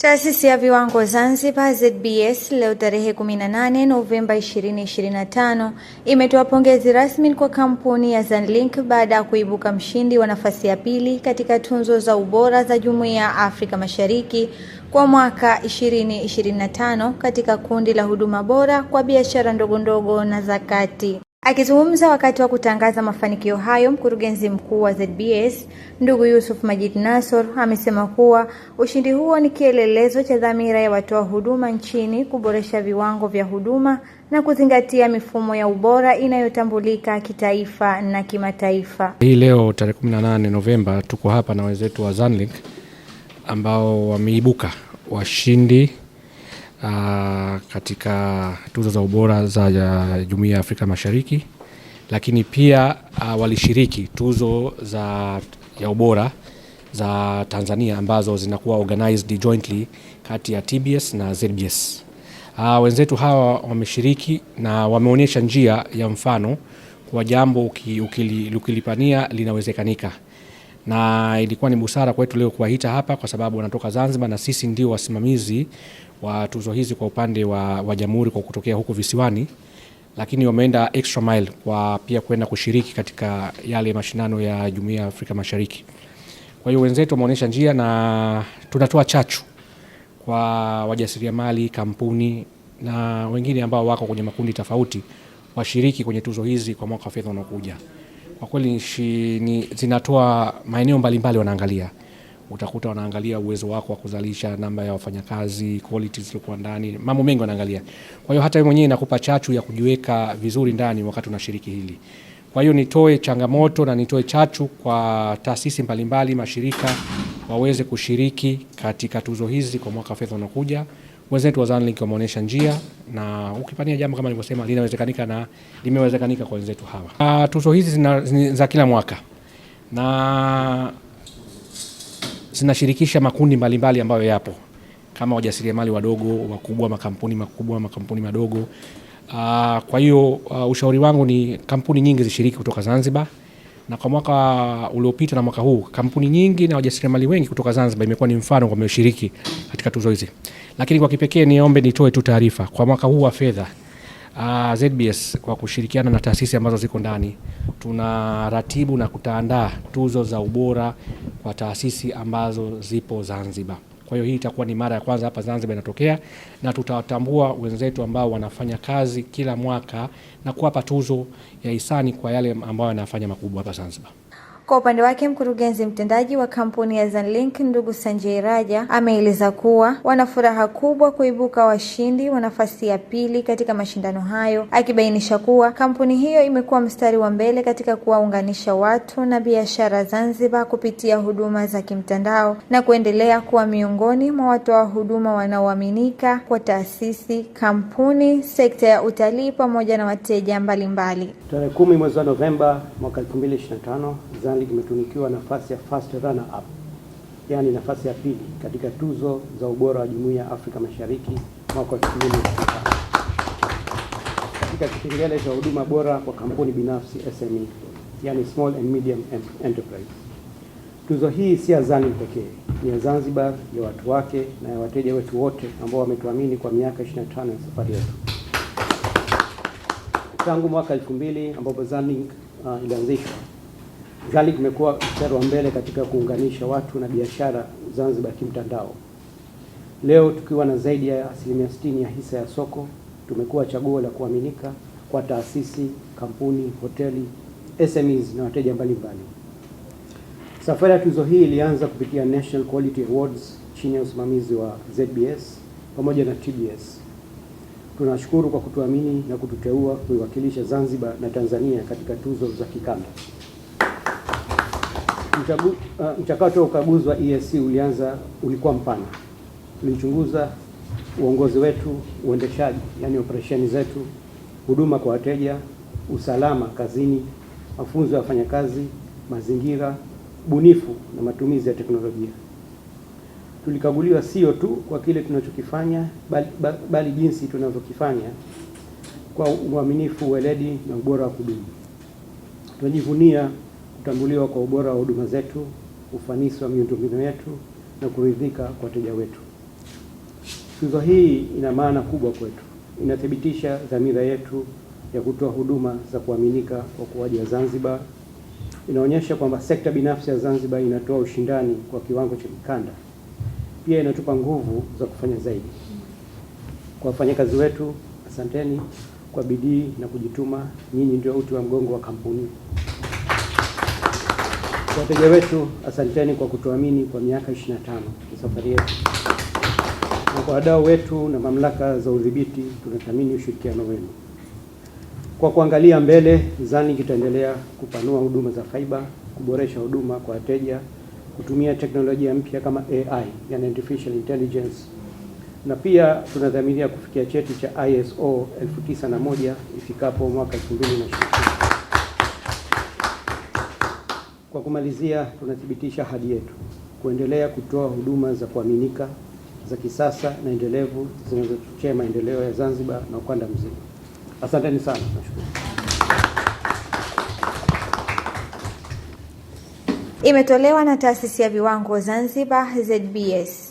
Taasisi ya Viwango Zanzibar ZBS leo tarehe 18 Novemba 2025 imetoa pongezi rasmi kwa kampuni ya Zanlink baada ya kuibuka mshindi wa nafasi ya pili katika tunzo za ubora za Jumuiya ya Afrika Mashariki kwa mwaka 2025 katika kundi la huduma bora kwa biashara ndogondogo na za kati. Akizungumza wakati wa kutangaza mafanikio hayo, mkurugenzi mkuu wa ZBS ndugu Yusuf Majid Nassor amesema kuwa ushindi huo ni kielelezo cha dhamira ya watoa huduma nchini kuboresha viwango vya huduma na kuzingatia mifumo ya ubora inayotambulika kitaifa na kimataifa. Hii leo tarehe 18 Novemba tuko hapa na wenzetu wa Zanlink ambao wameibuka washindi uh, katika tuzo za ubora za Jumuiya ya Afrika Mashariki, lakini pia uh, walishiriki tuzo za ya ubora za Tanzania ambazo zinakuwa organized jointly kati ya TBS na ZBS. Uh, ah, wenzetu hawa wameshiriki na wameonyesha njia ya mfano kwa jambo ukilipania ukili linawezekanika na ilikuwa ni busara kwetu leo kuwaita hapa kwa sababu wanatoka Zanzibar na sisi ndio wasimamizi wa tuzo hizi kwa upande wa, wa jamhuri kwa kutokea huko visiwani, lakini wameenda extra mile kwa pia kwenda kushiriki katika yale mashindano ya Jumuiya ya Afrika Mashariki. Kwa hiyo wenzetu wameonyesha njia na tunatoa chachu kwa wajasiriamali, kampuni na wengine ambao wako kwenye makundi tofauti washiriki kwenye tuzo hizi kwa mwaka wa fedha unaokuja kwa kweli nchi ni zinatoa maeneo mbalimbali, wanaangalia utakuta wanaangalia uwezo wako wa kuzalisha, namba ya wafanyakazi, quality zilizokuwa ndani, mambo mengi wanaangalia. Kwa hiyo hata wewe mwenyewe inakupa chachu ya kujiweka vizuri ndani wakati unashiriki hili. Kwa hiyo nitoe changamoto na nitoe chachu kwa taasisi mbalimbali, mashirika waweze kushiriki katika tuzo hizi kwa mwaka wa fedha unaokuja wenzetu wa Zanlink wameonyesha njia, na ukipania jambo kama nilivyosema, linawezekanika na limewezekanika kwa wenzetu hawa. Ah, tuzo hizi za kila mwaka na zinashirikisha makundi mbalimbali ambayo yapo kama wajasiriamali wadogo, wakubwa, makampuni makubwa, makampuni madogo. Aa, ah, kwa hiyo uh, ushauri wangu ni kampuni nyingi zishiriki kutoka Zanzibar, na kwa mwaka uliopita na mwaka huu kampuni nyingi na wajasiriamali wengi kutoka Zanzibar imekuwa ni mfano kwa wameshiriki katika tuzo hizi. Lakini kwa kipekee niombe nitoe tu taarifa kwa mwaka huu wa fedha uh, ah, ZBS kwa kushirikiana na taasisi ambazo ziko ndani tuna ratibu na kutaandaa tuzo za ubora kwa taasisi ambazo zipo Zanzibar. Kwa hiyo hii itakuwa ni mara ya kwanza hapa Zanzibar inatokea, na tutawatambua wenzetu ambao wanafanya kazi kila mwaka na kuwapa tuzo ya hisani kwa yale ambayo wanafanya makubwa hapa Zanzibar. Kwa upande wake mkurugenzi mtendaji wa kampuni ya Zanlink ndugu Sanjay Raja ameeleza kuwa wana furaha kubwa kuibuka washindi wa nafasi ya pili katika mashindano hayo, akibainisha kuwa kampuni hiyo imekuwa mstari wa mbele katika kuwaunganisha watu na biashara Zanzibar kupitia huduma za kimtandao na kuendelea kuwa miongoni mwa watoa wa huduma wanaoaminika kwa taasisi, kampuni, sekta ya utalii pamoja na wateja mbalimbali. Tarehe kumi mwezi wa Novemba mwaka 2025 League kimetunikiwa nafasi ya first runner up, yaani nafasi ya pili katika tuzo za ubora wa Jumuiya ya Afrika Mashariki mwaka 2025 katika kipengele cha huduma bora kwa kampuni binafsi SME, yani small and medium enterprise. Tuzo hii si ya pekee, ni ya Zanzibar, ya watu wake na ya wateja wetu wote ambao wametuamini kwa miaka 25 ya safari yetu tangu mwaka 2000 ambapo ZANU uh, ilianzishwa Zali imekuwa mstari wa mbele katika kuunganisha watu na biashara Zanzibar kimtandao. Leo tukiwa na zaidi ya asilimia 60 ya hisa ya soko, tumekuwa chaguo la kuaminika kwa taasisi, kampuni, hoteli, SMEs na wateja mbalimbali. Safari ya tuzo hii ilianza kupitia National Quality Awards chini ya usimamizi wa ZBS pamoja na TBS. Tunashukuru kwa kutuamini na kututeua kuiwakilisha Zanzibar na Tanzania katika tuzo za kikanda. Uh, mchakato wa ukaguzi wa EAC ulianza ulikuwa mpana. Tulichunguza uongozi wetu, uendeshaji, yani operesheni zetu, huduma kwa wateja, usalama kazini, mafunzo ya wafanyakazi, mazingira bunifu na matumizi ya teknolojia. Tulikaguliwa sio tu kwa kile tunachokifanya bali, bali jinsi tunavyokifanya kwa uaminifu, weledi na ubora wa kudumu. Tunajivunia kutambuliwa kwa ubora wa huduma zetu, ufanisi wa miundombinu yetu na kuridhika kwa wateja wetu. Tuzo hii ina maana kubwa kwetu, inathibitisha dhamira yetu ya kutoa huduma za kuaminika kwa ukuaji wa Zanzibar. Inaonyesha kwamba sekta binafsi ya Zanzibar inatoa ushindani kwa kiwango cha mikanda. Pia inatupa nguvu za kufanya zaidi. Kwa wafanyakazi wetu, asanteni kwa bidii na kujituma. Nyinyi ndio uti wa mgongo wa kampuni. Wateja wetu, asanteni kwa kutuamini kwa miaka 25 ya safari yetu, na kwa wadau wetu na mamlaka za udhibiti, tunathamini ushirikiano wenu. Kwa kuangalia mbele, ZANIC itaendelea kupanua huduma za faiba, kuboresha huduma kwa wateja, kutumia teknolojia mpya kama AI, yani artificial intelligence, na pia tunadhamiria kufikia cheti cha ISO 9001 ifikapo mwaka 2020. Kwa kumalizia, tunathibitisha ahadi yetu kuendelea kutoa huduma za kuaminika za kisasa na endelevu zinazochochea maendeleo ya Zanzibar na ukanda mzima. Asanteni sana, nashukuru. Imetolewa na Taasisi ya Viwango Zanzibar ZBS.